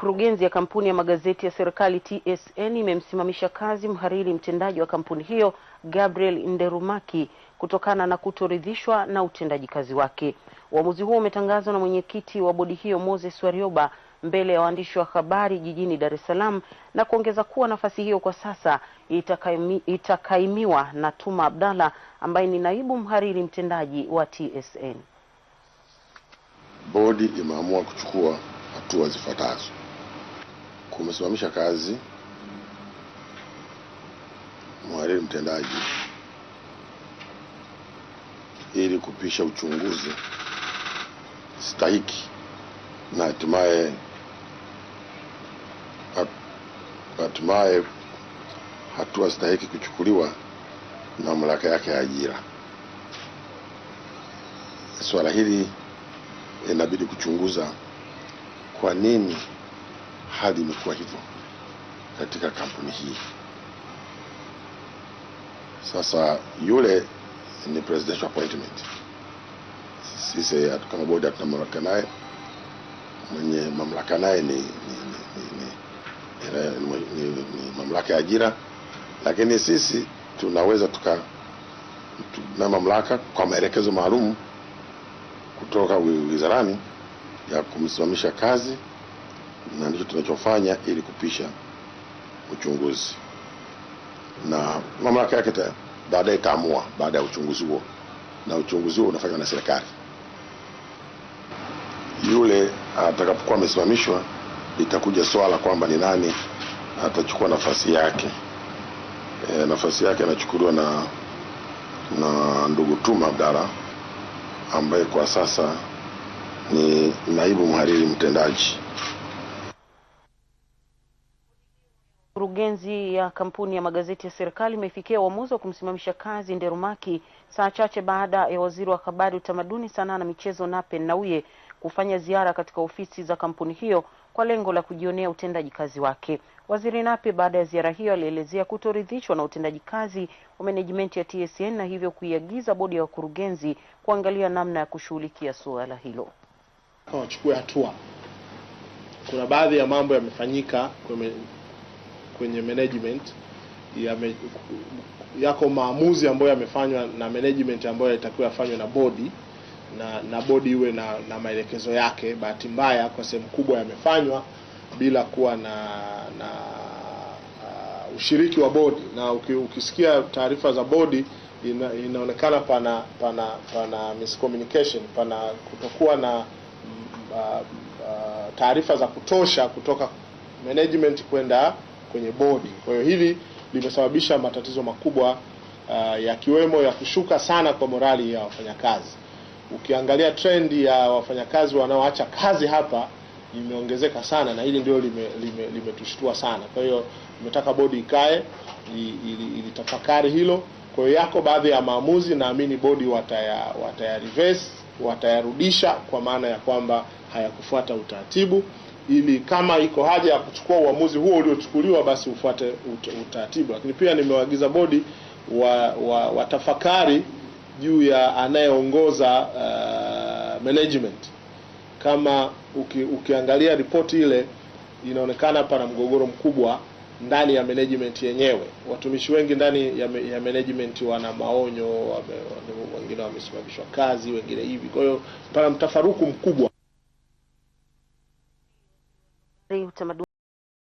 Kurugenzi ya kampuni ya magazeti ya serikali TSN imemsimamisha kazi mhariri mtendaji wa kampuni hiyo Gabriel Nderumaki kutokana na kutoridhishwa na utendaji kazi wake. Uamuzi huo umetangazwa na mwenyekiti wa bodi hiyo Moses Warioba mbele ya waandishi wa habari jijini Dar es Salaam na kuongeza kuwa nafasi hiyo kwa sasa itakaimi, itakaimiwa na Tuma Abdalla ambaye ni naibu mhariri mtendaji wa TSN. Bodi imeamua kuchukua hatua zifuatazo umesimamisha kazi mhariri mtendaji ili kupisha uchunguzi stahiki na hatimaye hatimaye hatua stahiki kuchukuliwa na mamlaka yake ya ajira. Suala hili inabidi kuchunguza kwa nini hali imekuwa hivyo katika kampuni hii. Sasa yule ni presidential appointment, sisi kama bodi hatuna mamlaka naye, mwenye mamlaka naye ni, ni, ni, ni, ni, ni, ni mamlaka ya ajira, lakini sisi tunaweza tuka na mamlaka kwa maelekezo maalum kutoka wizarani ya kumsimamisha kazi na ndicho tunachofanya ili kupisha uchunguzi, na mamlaka yake baadaye itaamua baada ya uchunguzi huo, na uchunguzi huo unafanywa na serikali. Yule atakapokuwa amesimamishwa, itakuja swala kwamba ni nani atachukua nafasi yake. E, nafasi yake anachukuliwa na, na ndugu Tuma Abdalla ambaye kwa sasa ni naibu mhariri mtendaji. Kurugenzi ya kampuni ya magazeti ya serikali imefikia uamuzi wa kumsimamisha kazi Nderumaki saa chache baada ya waziri wa habari, utamaduni, sanaa na michezo Nape Nnauye kufanya ziara katika ofisi za kampuni hiyo kwa lengo la kujionea utendaji kazi wake. Waziri Nape baada ya ziara hiyo alielezea kutoridhishwa na utendaji kazi wa menejimenti ya TSN na hivyo kuiagiza bodi ya wakurugenzi kuangalia namna ya kushughulikia suala hilo. Wachukue hatua. Kuna baadhi ya mambo yamefanyika kwenye management yame, yako maamuzi ambayo yamefanywa na management ambayo yalitakiwa yafanywe na bodi na na bodi iwe na, na maelekezo yake. Bahati mbaya kwa sehemu kubwa yamefanywa bila kuwa na na uh, ushiriki wa bodi, na ukisikia taarifa za bodi ina, inaonekana pana pana pana miscommunication, pana kutokuwa na mm, uh, uh, taarifa za kutosha kutoka management kwenda kwenye bodi. Kwa hiyo hili limesababisha matatizo makubwa uh, yakiwemo ya kushuka sana kwa morali ya wafanyakazi. Ukiangalia trendi ya wafanyakazi wanaoacha kazi hapa imeongezeka sana, na hili ndio limetushtua lime, lime sana. Kwa hiyo imetaka bodi ikae ilitafakari ili, ili hilo. Kwa hiyo yako baadhi ya maamuzi naamini bodi wataya, wataya reverse watayarudisha kwa maana ya kwamba hayakufuata utaratibu ili kama iko haja ya kuchukua uamuzi huo uliochukuliwa basi ufuate utaratibu. Lakini pia nimewaagiza bodi watafakari wa, wa juu ya anayeongoza uh, management. Kama uki, ukiangalia ripoti ile inaonekana pana mgogoro mkubwa ndani ya management yenyewe. Watumishi wengi ndani ya, ya management wana maonyo, wame, wengine wamesimamishwa kazi, wengine hivi. Kwa hiyo pana mtafaruku mkubwa. insomma